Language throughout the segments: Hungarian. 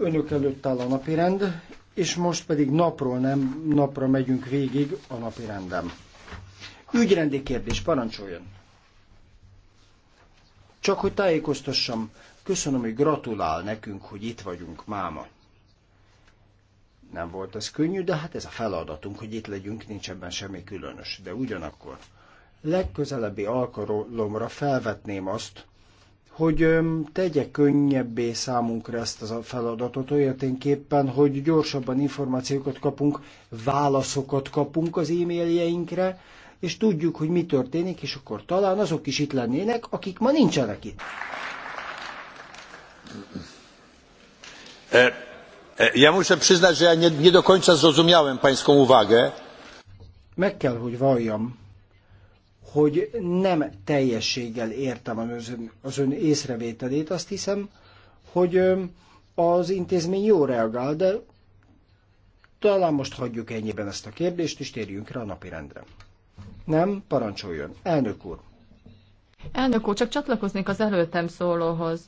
Önök előtt áll a napirend, és most pedig napról nem napra megyünk végig a napirendem. Ügyrendi kérdés, parancsoljon! Csak hogy tájékoztassam, köszönöm, hogy gratulál nekünk, hogy itt vagyunk máma. Nem volt ez könnyű, de hát ez a feladatunk, hogy itt legyünk, nincs ebben semmi különös. De ugyanakkor legközelebbi alkalomra felvetném azt, hogy tegye könnyebbé számunkra ezt a feladatot, olyaténképpen, hogy gyorsabban információkat kapunk, válaszokat kapunk az e-mailjeinkre, és tudjuk, hogy mi történik, és akkor talán azok is itt lennének, akik ma nincsenek itt. E, e, ja muszę przyznać, że ja nie, nie do końca zrozumiałem pańską uwagę. Meg kell, hogy valljam, hogy nem teljességgel értem az ön, az ön észrevételét. Azt hiszem, hogy az intézmény jó reagál, de talán most hagyjuk ennyiben ezt a kérdést, és térjünk rá a napirendre. Nem, parancsoljon. Elnök úr. Elnök úr, csak csatlakoznék az előttem szólóhoz.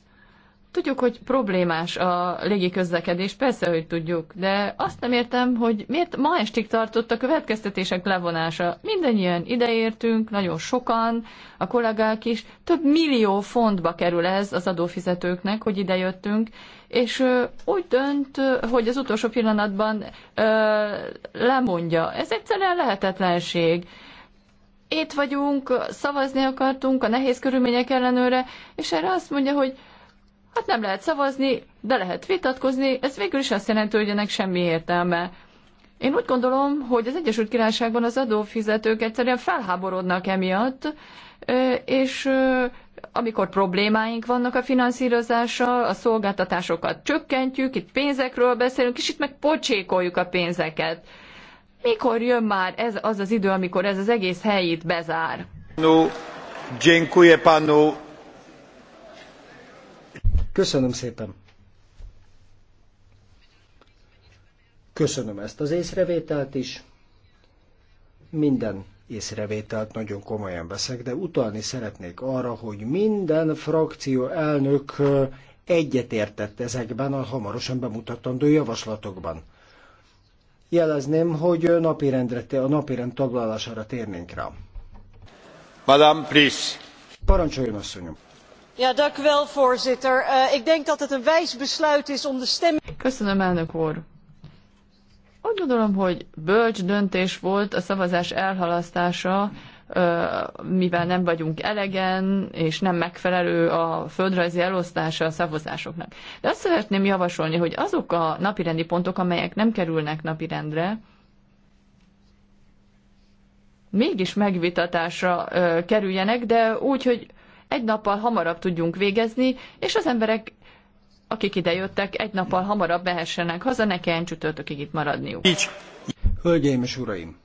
Tudjuk, hogy problémás a légiközlekedés, persze, hogy tudjuk, de azt nem értem, hogy miért ma estig tartott a következtetések levonása. Mindennyian ideértünk, nagyon sokan, a kollégák is, több millió fontba kerül ez az adófizetőknek, hogy idejöttünk, és úgy dönt, hogy az utolsó pillanatban ö, lemondja. Ez egyszerűen lehetetlenség itt vagyunk, szavazni akartunk a nehéz körülmények ellenőre, és erre azt mondja, hogy hát nem lehet szavazni, de lehet vitatkozni, ez végül is azt jelenti, hogy ennek semmi értelme. Én úgy gondolom, hogy az Egyesült Királyságban az adófizetők egyszerűen felháborodnak emiatt, és amikor problémáink vannak a finanszírozással, a szolgáltatásokat csökkentjük, itt pénzekről beszélünk, és itt meg pocsékoljuk a pénzeket. Mikor jön már ez az az idő, amikor ez az egész helyét bezár? No, dziękuję panu Köszönöm szépen! Köszönöm ezt az észrevételt is. Minden észrevételt nagyon komolyan veszek, de utalni szeretnék arra, hogy minden frakció elnök egyetértett ezekben a hamarosan bemutatandó javaslatokban. Jelezném, hogy napirendre, a napirend taglalására térnénk rá. Madame, please. Parancsoljon, asszonyom! voorzitter eh, ik denk dat het een wijs besluit is om de stemming. köszönöm elnök úr úgy gondolom hogy bölcs döntés volt a szavazás elhalasztása mivel nem vagyunk elegen, és nem megfelelő a földrajzi elosztása a szavazásoknak. De azt szeretném javasolni, hogy azok a napirendi pontok, amelyek nem kerülnek napirendre, mégis megvitatásra kerüljenek, de úgy, hogy egy nappal hamarabb tudjunk végezni, és az emberek, akik idejöttek, egy nappal hamarabb behessenek haza, ne kelljen csütörtökig itt maradniuk. Így. Hölgyeim és uraim,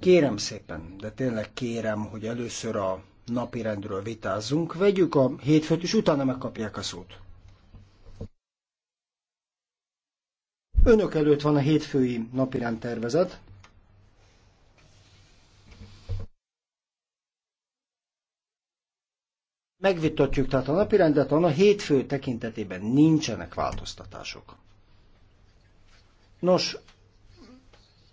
kérem szépen, de tényleg kérem, hogy először a napi rendről vitázzunk, vegyük a hétfőt, és utána megkapják a szót. Önök előtt van a hétfői napirend tervezet. Megvitatjuk tehát a napirendet, a hétfő tekintetében nincsenek változtatások. Nos,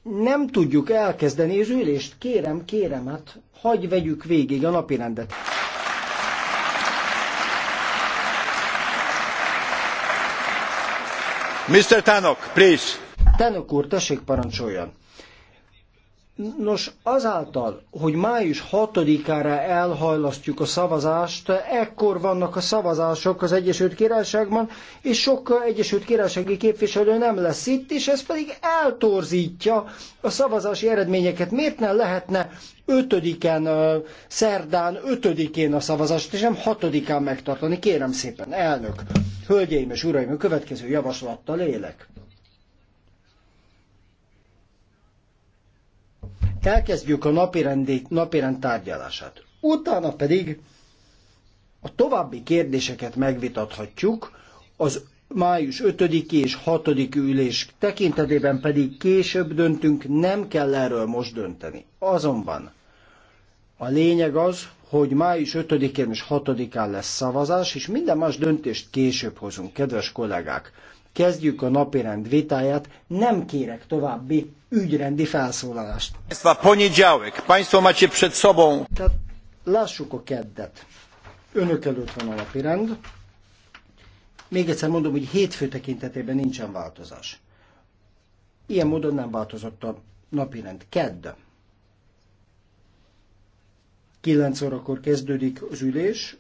nem tudjuk elkezdeni az ülést. Kérem, kérem, hát hagy vegyük végig a napirendet. Mr. Tanok, please. Tanok úr, tessék parancsoljon. Nos, azáltal, hogy május 6-ára elhajlasztjuk a szavazást, ekkor vannak a szavazások az Egyesült Királyságban, és sok Egyesült Királysági képviselő nem lesz itt, és ez pedig eltorzítja a szavazási eredményeket. Miért nem lehetne 5-en, szerdán 5-én a szavazást, és nem 6-án megtartani? Kérem szépen, elnök, hölgyeim és uraim, a következő javaslattal élek. elkezdjük a napirend, napirend tárgyalását. Utána pedig a további kérdéseket megvitathatjuk, az május 5 és 6 ülés tekintetében pedig később döntünk, nem kell erről most dönteni. Azonban a lényeg az, hogy május 5-én és 6-án lesz szavazás, és minden más döntést később hozunk, kedves kollégák kezdjük a napirend vitáját, nem kérek további ügyrendi felszólalást. Poniedziałek, państwo macie przed sobą. Tehát lássuk a keddet. Önök előtt van a napirend. Még egyszer mondom, hogy hétfő tekintetében nincsen változás. Ilyen módon nem változott a napirend. Kedd. 9 órakor kezdődik az ülés,